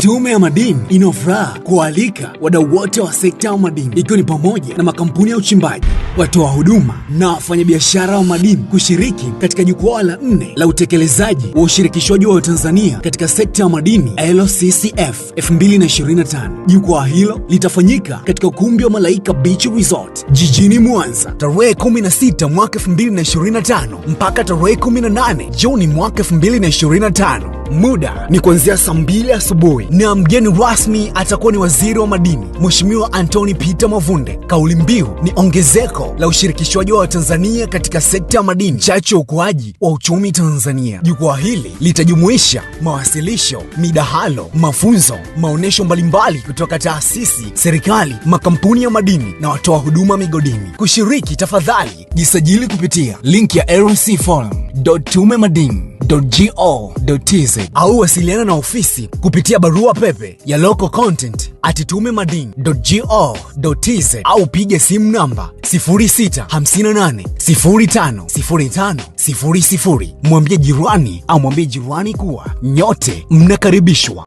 Tume ya Madini ina furaha kuwaalika wadau wote wa sekta ya madini ikiwa ni pamoja na makampuni ya uchimbaji, watoa huduma na wafanyabiashara wa madini kushiriki katika jukwaa la nne la utekelezaji wa ushirikishwaji wa Tanzania katika sekta ya madini LCCF 2025. Jukwaa hilo litafanyika katika ukumbi wa Malaika Beach Resort jijini Mwanza tarehe 16 mwaka 2025 mpaka tarehe 18 Juni mwaka 2025. Muda ni kuanzia saa mbili asubuhi, na mgeni rasmi atakuwa ni waziri wa madini mweshimiwa antoni Peter Mavunde. Kauli mbiu ni ongezeko la ushirikishwaji wa Watanzania katika sekta ya madini, chache ukuaji wa uchumi Tanzania. Jukwaa hili litajumuisha mawasilisho, midahalo, mafunzo, maonyesho mbalimbali kutoka taasisi, serikali, makampuni ya madini na watoa huduma migodini. Kushiriki, tafadhali jisajili kupitia linki ya tume madini local.go.tz au wasiliana na ofisi kupitia barua pepe ya local content localcontent@tumemadini.go.tz au piga simu namba 0658050500. Mwambie jirani au mwambie jirani kuwa nyote mnakaribishwa.